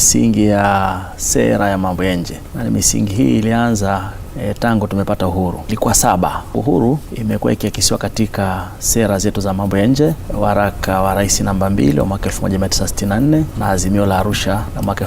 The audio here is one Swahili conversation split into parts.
misingi ya sera ya mambo ya nje, na misingi hii ilianza e, tangu tumepata uhuru ni kwa saba. Uhuru imekuwa ikiakisiwa katika sera zetu za mambo ya nje, waraka wa rais namba mbili wa mwaka 1964 na azimio la Arusha la mwaka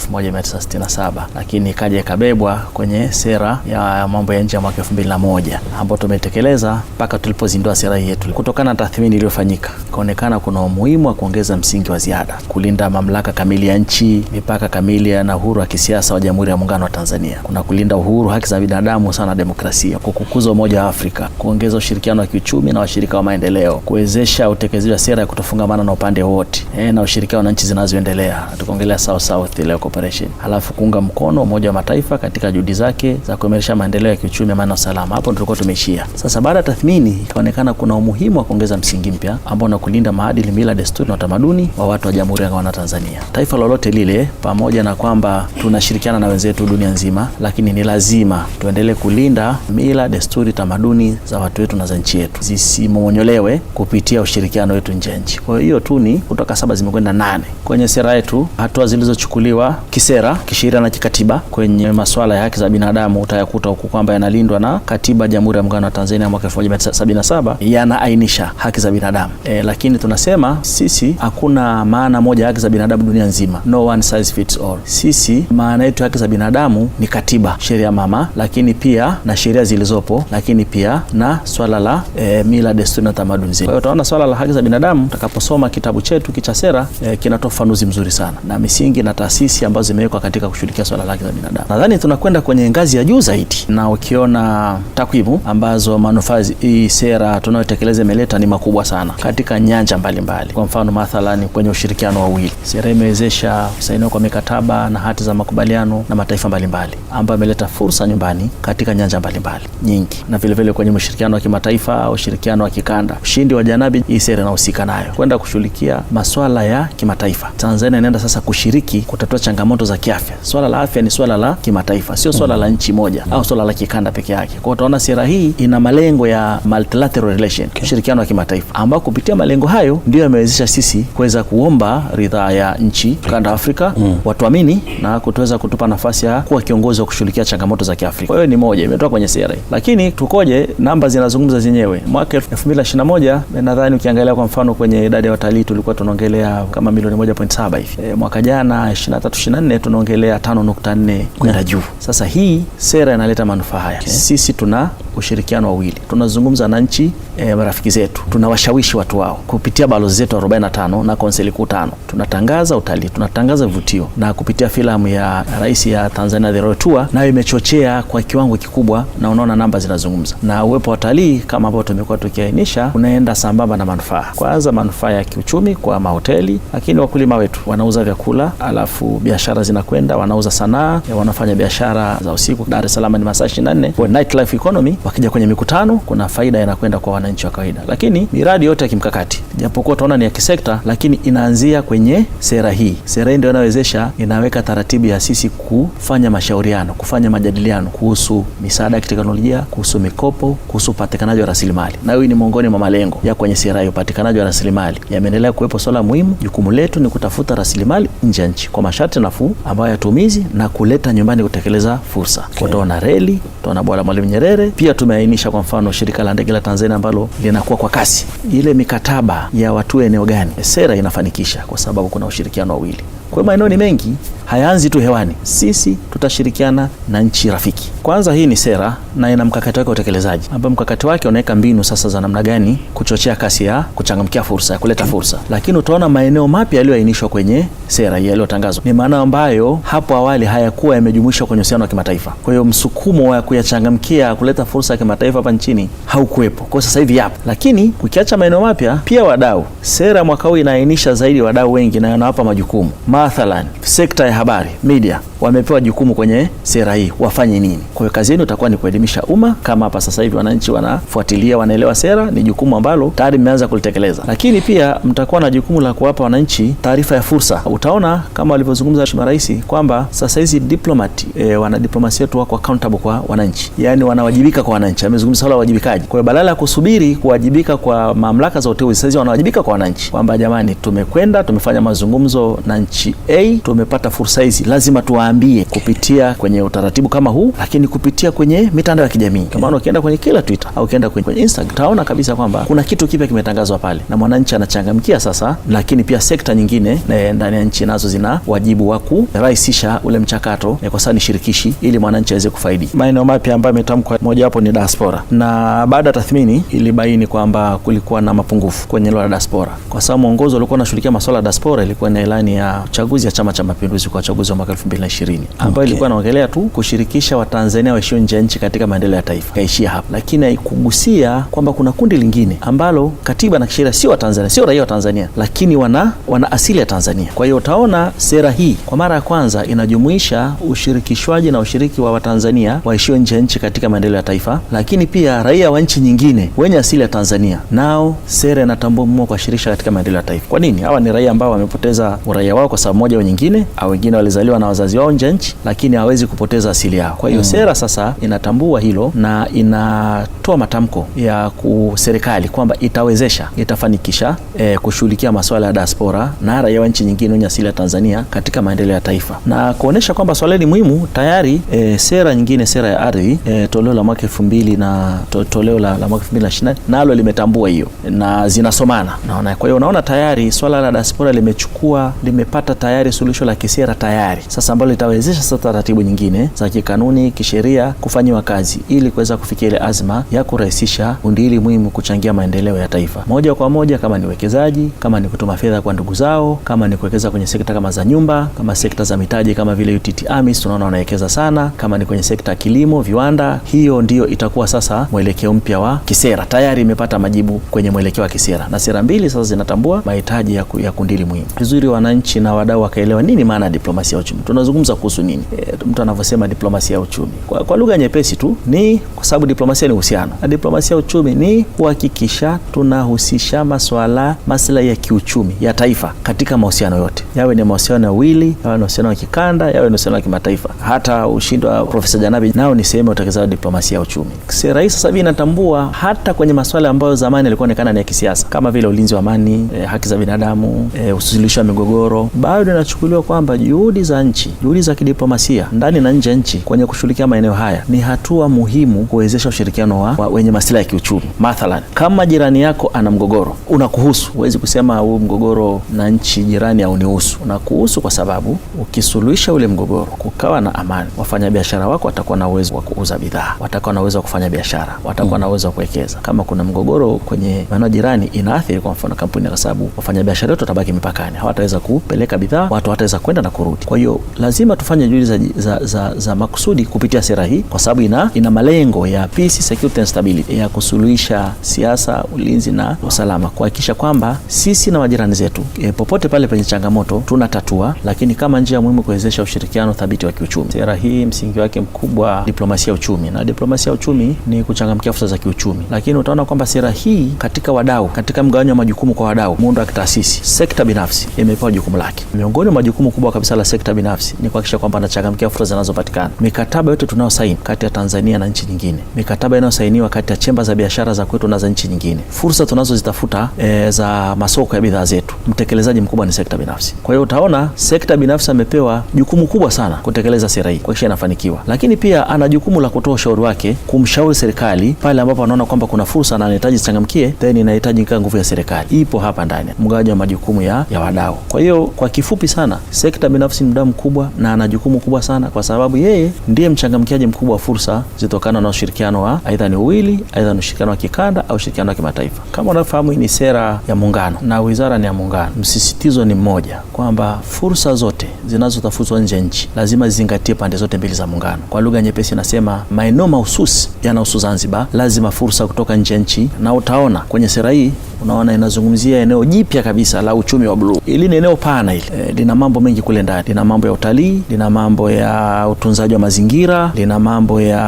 saba lakini ikaja ikabebwa kwenye sera ya mambo ya nje ya mwaka moja ambayo tumetekeleza mpaka tulipozindua sera hii yetu. Kutokana na tathmini iliyofanyika, kaonekana kuna umuhimu wa kuongeza msingi wa ziada, kulinda mamlaka kamili ya nchi, mipaka kamili na uhuru wa kisiasa wa Jamhuri ya Muungano wa Tanzania, kuna kulinda uhuru, haki za binadamu sana demokrasia, kwa kukuza umoja wa Afrika, kuongeza ushirikiano wa kiuchumi na washirika wa maendeleo, kuwezesha utekelezaji wa sera ya kutofungamana na upande wote e, na ushirikiano na nchi zinazoendelea, tukaongelea South South ile cooperation, halafu kuunga mkono Umoja wa Mataifa katika juhudi zake za kuimarisha maendeleo ya kiuchumi, amani na usalama. Hapo tulikuwa tumeishia. Sasa baada ya tathmini, ikaonekana kuna umuhimu wa kuongeza msingi mpya ambao na kulinda maadili, mila, desturi na utamaduni wa watu wa Jamhuri ya Muungano wa Tanzania. Taifa lolote lile, pamoja na kwamba tunashirikiana na wenzetu dunia nzima, lakini ni lazima tuendelee kulinda mila, desturi, tamaduni za watu wetu na za nchi yetu zisimonyolewe kupitia ushirikiano wetu nje ya nchi. Kwa hiyo tu ni kutoka saba zimekwenda nane kwenye sera yetu, hatua zilizochukuliwa kisera, kisheria na kikatiba kwenye masuala ya haki za binadamu utayakuta huku kwamba yanalindwa na katiba ya Jamhuri ya Muungano wa Tanzania mwaka 1977 yanaainisha haki za binadamu e, lakini tunasema sisi hakuna maana moja ya haki za binadamu dunia nzima, no one size fits all. Sisi maana yetu haki za binadamu ni katiba, sheria mama, lakini pia sheria na sheria zilizopo, lakini pia na swala la e, mila, desturi na tamaduni zetu. Kwa hiyo utaona swala la haki za binadamu utakaposoma kitabu chetu kicha sera e, kinatoa mzuri sana na misingi na taasisi ambazo zimewekwa katika kushughulikia swala la haki za binadamu. Nadhani tunakwenda kwenye ngazi ya juu zaidi, na ukiona takwimu ambazo manufaa hii sera tunayotekeleza imeleta ni makubwa sana katika nyanja mbalimbali mbali. Kwa mfano mathalan kwenye ushirikiano wa wawili, sera imewezesha kusainiwa kwa mikataba na hati za makubaliano na mataifa mbalimbali ambayo imeleta fursa nyumbani katika katika nyanja mbalimbali nyingi, na vilevile vile kwenye ushirikiano wa kimataifa, ushirikiano wa kikanda. Ushindi wa Janabi, hii sera inahusika nayo kwenda kushughulikia maswala ya kimataifa. Tanzania inaenda sasa kushiriki kutatua changamoto za kiafya. Swala la afya ni swala la kimataifa, sio swala mm. la nchi moja au swala la kikanda peke yake. Kwa utaona sera hii ina malengo ya multilateral relation, okay. ushirikiano wa kimataifa ambao kupitia malengo hayo ndio yamewezesha sisi kuweza kuomba ridhaa ya nchi kanda Afrika mm. watuamini na kutuweza kutupa nafasi ya kuwa kiongozi wa kushughulikia changamoto za Kiafrika. Kwa hiyo ni moja moja imetoka kwenye CRA, lakini tukoje? Namba zinazungumza zenyewe. Mwaka 2021 nadhani ukiangalia kwa mfano kwenye idadi ya watalii tulikuwa tunaongelea kama milioni 1.7 hivi. E, mwaka jana 23 24 tunaongelea 5.4 kwenda juu. Sasa hii sera inaleta manufaa haya, okay. Sisi tuna ushirikiano wa wili, tunazungumza na nchi e, marafiki zetu, tunawashawishi watu wao kupitia balozi zetu 45 na konseli kuu tano, tunatangaza utalii, tunatangaza vivutio, na kupitia filamu ya rais ya Tanzania The Royal Tour nayo imechochea kwa kiwango kikubwa, na unaona namba zinazungumza na uwepo wa utalii kama ambavyo tumekuwa tukiainisha, unaenda sambamba na manufaa, kwanza manufaa ya kiuchumi kwa mahoteli, lakini wakulima wetu wanauza vyakula, alafu biashara zinakwenda, wanauza sanaa, wanafanya biashara za usiku. Dar es Salaam ni masaa 24 kwa nightlife economy wakija kwenye mikutano, kuna faida inakwenda kwa wananchi wa kawaida. Lakini miradi yote ya kimkakati, japokuwa tunaona ni ya kisekta, lakini inaanzia kwenye sera hii. Sera hii ndio inawezesha, inaweka taratibu ya sisi kufanya mashauriano, kufanya majadiliano kuhusu misaada ya kiteknolojia, kuhusu mikopo, kuhusu upatikanaji wa rasilimali, na hii ni miongoni mwa malengo ya kwenye sera hii. Upatikanaji wa rasilimali yameendelea kuwepo swala muhimu. Jukumu letu ni kutafuta rasilimali nje ya nchi kwa masharti nafuu ambayo yatumizi na kuleta nyumbani kutekeleza fursa. Okay. Tunaona reli, tunaona bwawa la Mwalimu Nyerere pia pia tumeainisha kwa mfano shirika la ndege la Tanzania ambalo linakuwa kwa kasi, ile mikataba ya watu eneo gani, sera inafanikisha kwa sababu kuna ushirikiano wawili. Kwa hiyo maeneo ni mengi, hayaanzi tu hewani. Sisi tutashirikiana na nchi rafiki. Kwanza, hii ni sera na ina mkakati wake wa utekelezaji, ambayo mkakati wake unaweka mbinu sasa za namna gani kuchochea kasi ya kuchangamkia fursa ya kuleta fursa. Lakini utaona maeneo mapya yaliyoainishwa kwenye sera hii yaliyotangazwa ni maeneo ambayo hapo awali hayakuwa yamejumuishwa kwenye uhusiano wa kimataifa. Kwa hiyo msukumo wa kuyachangamkia kuleta fursa ya kimataifa hapa nchini haukuwepo, kwa sasa hivi yapo. Lakini ukiacha maeneo mapya, pia wadau, sera mwaka huu inaainisha zaidi wadau wengi na yanawapa majukumu Ma mathalan sekta ya habari media wamepewa jukumu kwenye sera hii wafanye nini? Kwa hiyo kazi yenu itakuwa ni kuelimisha umma. Kama hapa sasa hivi wananchi wanafuatilia, wanaelewa sera, ni jukumu ambalo tayari mmeanza kulitekeleza, lakini pia mtakuwa na jukumu la kuwapa wananchi taarifa ya fursa. Utaona kama walivyozungumza Mheshimiwa Rais kwamba sasa hizi diplomat e, wanadiplomasia wetu wako accountable kwa wananchi, yaani wanawajibika kwa wananchi. Amezungumza swala la uwajibikaji. Kwa hiyo badala ya kusubiri kuwajibika kwa mamlaka za uteuzi, sasa hizi wanawajibika kwa wananchi kwamba jamani, tumekwenda tumefanya mazungumzo na nchi NPA tumepata fursa hizi, lazima tuwaambie kupitia kwenye utaratibu kama huu, lakini kupitia kwenye mitandao ya kijamii. Kwa maana ukienda kwenye kila Twitter au ukienda kwenye Instagram utaona kabisa kwamba kuna kitu kipya kimetangazwa pale na mwananchi anachangamkia sasa, lakini pia sekta nyingine eh, ndani ya nchi nazo zina wajibu wa kurahisisha ule mchakato eh, kwa sababu ni shirikishi, ili mwananchi aweze kufaidi. Maeneo mapya ambayo moja mojawapo ni diaspora, na baada ya tathmini ilibaini kwamba kulikuwa na mapungufu kwenye eneo la diaspora, kwa sababu mwongozo ulikuwa unashughulikia masuala ya diaspora ilikuwa na ilani ya chaguzi ya Chama cha Mapinduzi kwa uchaguzi wa mwaka 2020 ambayo okay, ilikuwa inaongelea tu kushirikisha Watanzania waishio nje ya nchi katika maendeleo ya taifa, kaishia hapa, lakini haikugusia kwamba kuna kundi lingine ambalo katiba na kisheria sio Watanzania, sio raia wa Tanzania, lakini wana, wana asili ya Tanzania. Kwa hiyo utaona sera hii kwa mara ya kwanza inajumuisha ushirikishwaji na ushiriki wa Watanzania waishio nje ya nchi katika maendeleo ya taifa, lakini pia raia wa nchi nyingine wenye asili ya Tanzania nao sera inatambua mwa kuwashirikisha katika maendeleo ya taifa. Kwa nini? Hawa ni raia ambao wamepoteza uraia wao kwa sababu moja au nyingine, au wengine walizaliwa na wazazi wao nje nchi, lakini hawezi kupoteza asili yao. Kwa hiyo mm. sera sasa inatambua hilo na inatoa matamko ya serikali kwamba itawezesha, itafanikisha e, kushughulikia masuala ya diaspora na raia wa nchi nyingine wenye asili ya Tanzania katika maendeleo ya taifa na kuonesha kwamba swala ni muhimu tayari. E, sera nyingine, sera ya ardhi e, toleo la mwaka elfu mbili na to, toleo la, la mwaka elfu mbili na ishirini nalo limetambua hiyo na zinasomana, naona. Kwa hiyo unaona tayari swala la diaspora limechukua limepata tumepata tayari suluhisho la kisera tayari sasa, ambalo litawezesha sasa taratibu nyingine za kikanuni, kisheria kufanyiwa kazi ili kuweza kufikia ile azma ya kurahisisha undili muhimu kuchangia maendeleo ya taifa moja kwa moja, kama ni uwekezaji, kama ni kutuma fedha kwa ndugu zao, kama ni kuwekeza kwenye sekta kama za nyumba, kama sekta za mitaji kama vile UTT AMIS tunaona wanawekeza sana, kama ni kwenye sekta ya kilimo, viwanda. Hiyo ndiyo itakuwa sasa mwelekeo mpya wa kisera, tayari imepata majibu kwenye mwelekeo wa kisera, na sera mbili sasa zinatambua mahitaji ya, ku, ya muhimu vizuri wananchi na wa wadau wakaelewa nini maana ya diplomasia ya uchumi. Tunazungumza kuhusu nini? E, mtu anavyosema diplomasia ya uchumi kwa, kwa lugha nyepesi tu ni kwa sababu diplomasia ni uhusiano na diplomasia ya uchumi ni kuhakikisha tunahusisha maswala maslahi ya kiuchumi ya taifa katika mahusiano yote, yawe ni mahusiano ya wili, yawe ni mahusiano ya kikanda, yawe ni mahusiano ya kimataifa. Hata ushindi wa Profesa Janabi nao ni sehemu ya utekelezaji wa diplomasia ya uchumi. Rais sasa hivi inatambua hata kwenye maswala ambayo zamani yalikuwa onekana ni ya kisiasa kama vile ulinzi wa amani, e, haki za binadamu, e, usuluhishi wa migogoro ba hayo linachukuliwa kwamba juhudi za nchi, juhudi za kidiplomasia ndani na nje ya nchi kwenye kushughulikia maeneo haya ni hatua muhimu kuwezesha ushirikiano wa, wa wenye masilahi ya kiuchumi. Mathalan, kama jirani yako ana mgogoro unakuhusu, huwezi kusema huu mgogoro na nchi jirani haunihusu. Unakuhusu kwa sababu ukisuluhisha ule mgogoro, kukawa na amani, wafanyabiashara wako watakuwa na uwezo wa kuuza bidhaa, watakuwa na uwezo wa kufanya biashara, watakuwa na uwezo wa kuwekeza. Kama kuna mgogoro kwenye maeneo jirani, inaathiri kwa mfano kampuni, kwa sababu wafanyabiashara wetu watabaki mipakani, hawataweza kupeleka bidhaa, watu wataweza kwenda na kurudi. Kwa hiyo lazima tufanye juhudi za, za, za, za makusudi kupitia sera hii, kwa sababu ina, ina malengo ya peace, security and stability, ya kusuluhisha siasa, ulinzi na usalama, kuhakikisha kwamba sisi na majirani zetu e, popote pale penye changamoto tunatatua, lakini kama njia muhimu kuwezesha ushirikiano thabiti wa kiuchumi. Sera hii msingi wake mkubwa diplomasia ya uchumi, na diplomasia ya uchumi ni kuchangamkia fursa za kiuchumi, lakini utaona kwamba sera hii katika wadau, katika mgawanyo wa majukumu kwa wadau, muundo wa kitaasisi, sekta binafsi imepewa jukumu lake. Miongoni mwa majukumu kubwa kabisa la sekta binafsi ni kuhakikisha kwamba anachangamkia fursa zinazopatikana. Mikataba yote tunayosaini kati ya Tanzania na nchi nyingine, mikataba inayosainiwa kati ya chemba za biashara za kwetu na za nchi nyingine, fursa tunazozitafuta e, za masoko ya bidhaa zetu, mtekelezaji mkubwa ni sekta binafsi. Kwa hiyo utaona sekta binafsi amepewa jukumu kubwa sana kutekeleza sera hii, kuhakikisha inafanikiwa, lakini pia ana jukumu la kutoa ushauri wake, kumshauri serikali pale ambapo anaona kwamba kuna fursa na anahitaji changamkie, then inahitaji nguvu ya serikali. Ipo hapa ndani mgawaji wa majukumu ya, ya wadau. Kwa hiyo kwa kifupi sana, sekta binafsi ni mdau mkubwa na ana jukumu kubwa sana, kwa sababu yeye ndiye mchangamkiaji mkubwa wa fursa zitokana na ushirikiano wa aidha ni uwili, aidha ni ushirikiano wa kikanda au ushirikiano wa kimataifa. Kama unavyofahamu, hii ni sera ya muungano na wizara ni ya muungano. Msisitizo ni mmoja, kwamba fursa zote zinazotafutwa nje nchi lazima zizingatie pande zote mbili za muungano. Kwa lugha nyepesi, nasema maeneo mahususi yanahusu Zanzibar, lazima fursa kutoka nje nchi, na utaona kwenye sera hii, unaona inazungumzia eneo jipya kabisa la uchumi wa bluu. Hili ni eneo pana hili Eh, lina mambo mengi kule ndani. Lina mambo ya utalii, lina mambo ya utunzaji wa mazingira, lina mambo ya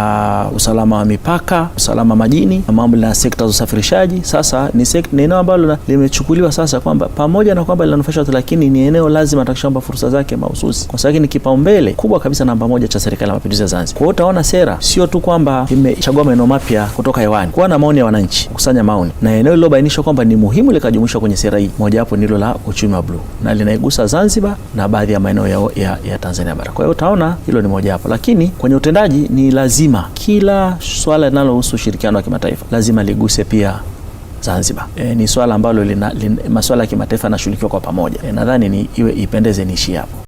usalama wa mipaka, usalama majini, na mambo lina sekta za usafirishaji. Sasa ni sekta, eneo ambalo limechukuliwa sasa kwamba pamoja na kwamba linanufaisha watu, lakini ni eneo lazima atakishamba fursa zake mahususi, kwa sababu ni kipaumbele kubwa kabisa namba moja cha serikali ya mapinduzi ya Zanzibar. Kwa hiyo utaona sera sio tu kwamba imechagua maeneo mapya kutoka hewani, kuwa na maoni ya wananchi, kusanya maoni, na eneo lilobainishwa kwamba ni muhimu likajumuishwa kwenye sera hii. Mojawapo ni hilo la uchumi wa bluu na linaigusa Zanzibar na baadhi ya maeneo ya, ya, ya Tanzania bara. Kwa hiyo utaona hilo ni moja hapo, lakini kwenye utendaji ni lazima kila swala linalohusu ushirikiano wa kimataifa lazima liguse pia Zanzibar. E, ni swala ambalo lina, lina, masuala ya kimataifa yanashughulikiwa kwa pamoja. E, nadhani ni iwe ipendeze niishie hapo.